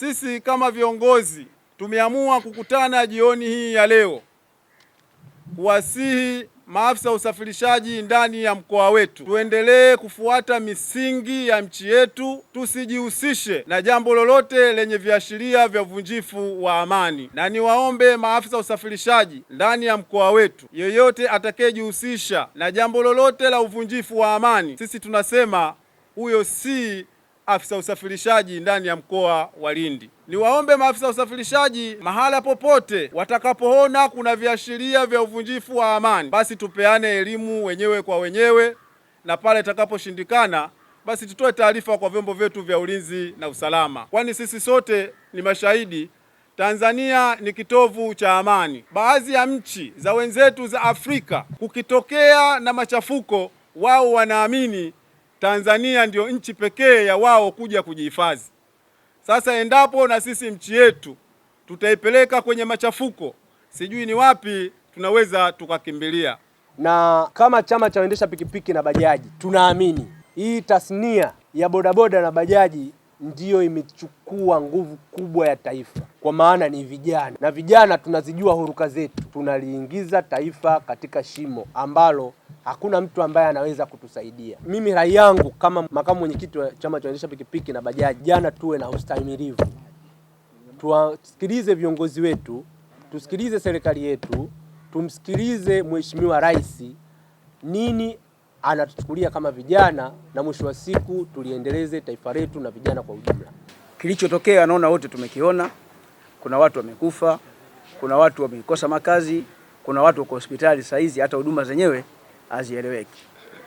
Sisi kama viongozi tumeamua kukutana jioni hii ya leo kuwasihi maafisa usafirishaji ndani ya mkoa wetu tuendelee kufuata misingi ya nchi yetu, tusijihusishe na jambo lolote lenye viashiria vya uvunjifu wa amani, na niwaombe maafisa usafirishaji ndani ya mkoa wetu, yeyote atakayejihusisha na jambo lolote la uvunjifu wa amani, sisi tunasema huyo si afisa usafirishaji ndani ya mkoa wa Lindi. Niwaombe maafisa usafirishaji mahala popote watakapoona kuna viashiria vya uvunjifu wa amani, basi tupeane elimu wenyewe kwa wenyewe, na pale itakaposhindikana basi tutoe taarifa kwa vyombo vyetu vya ulinzi na usalama, kwani sisi sote ni mashahidi. Tanzania ni kitovu cha amani. Baadhi ya nchi za wenzetu za Afrika kukitokea na machafuko, wao wanaamini Tanzania ndio nchi pekee ya wao kuja kujihifadhi. Sasa endapo na sisi nchi yetu tutaipeleka kwenye machafuko, sijui ni wapi tunaweza tukakimbilia. Na kama chama cha waendesha pikipiki na bajaji, tunaamini hii tasnia ya bodaboda na bajaji ndiyo imechukua nguvu kubwa ya taifa, kwa maana ni vijana, na vijana tunazijua huruka zetu. Tunaliingiza taifa katika shimo ambalo hakuna mtu ambaye anaweza kutusaidia. Mimi rai yangu kama makamu mwenyekiti wa chama cha waendesha pikipiki na bajaji, jana tuwe na ustahimilivu, tuwasikilize viongozi wetu, tusikilize serikali yetu, tumsikilize Mheshimiwa Rais nini anatuchukulia kama vijana, na mwisho wa siku tuliendeleze taifa letu na vijana kwa ujumla. Kilichotokea naona wote tumekiona, kuna watu wamekufa, kuna watu wamekosa makazi, kuna watu wako hospitali saa hizi hata huduma zenyewe hazieleweki.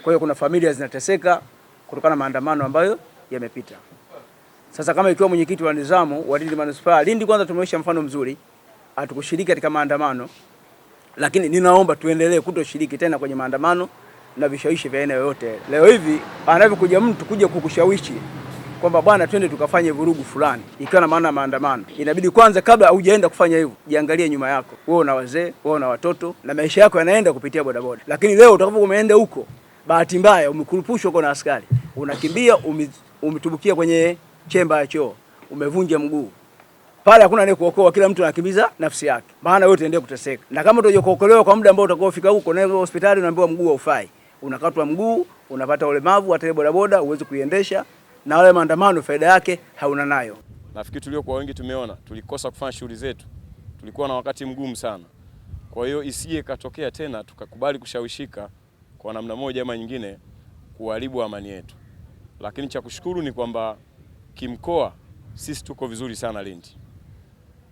Kwa hiyo kuna familia zinateseka kutokana na maandamano ambayo yamepita. Sasa kama ikiwa mwenyekiti wa nizamu wa Lindi manispaa Lindi, kwanza tumeonyesha mfano mzuri, hatukushiriki katika maandamano, lakini ninaomba tuendelee kutoshiriki tena kwenye maandamano na vishawishi vya aina yoyote. Leo hivi anavyokuja mtu kuja kukushawishi kwamba bwana, twende tukafanye vurugu fulani, ikiwa na maana maandamano, inabidi kwanza, kabla haujaenda kufanya hivyo, jiangalie nyuma yako. Wewe una wazee, wewe una watoto, na maisha yako yanaenda kupitia bodaboda. Lakini leo utakapo umeenda huko, bahati mbaya umekurupushwa huko na askari, unakimbia umetubukia kwenye chemba ya choo, umevunja mguu pale hakuna naye kuokoa, kila mtu anakimbiza nafsi yake, maana wewe utaendelea kuteseka. Na kama utaje kuokolewa kwa muda ambao utakaofika huko na hospitali, unaambiwa mguu haufai, unakatwa mguu, unapata ulemavu, hata bodaboda huwezi kuiendesha na wale maandamano faida yake hauna nayo. Nafikiri tuliokuwa wengi tumeona tulikosa kufanya shughuli zetu, tulikuwa na wakati mgumu sana. Kwa hiyo isije katokea tena tukakubali kushawishika kwa namna moja ama nyingine kuharibu amani yetu, lakini cha kushukuru ni kwamba kimkoa sisi tuko vizuri sana Lindi.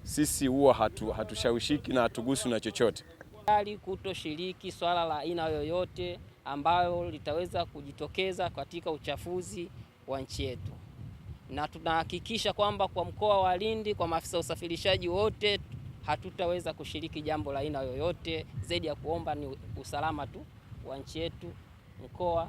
Sisi huwa hatu, hatushawishiki na hatugusu na chochote, bali kutoshiriki swala la aina yoyote ambayo litaweza kujitokeza katika uchafuzi wa nchi yetu, na tunahakikisha kwamba kwa mkoa wa Lindi, kwa maafisa usafirishaji wote hatutaweza kushiriki jambo la aina yoyote zaidi ya kuomba ni usalama tu wa nchi yetu, mkoa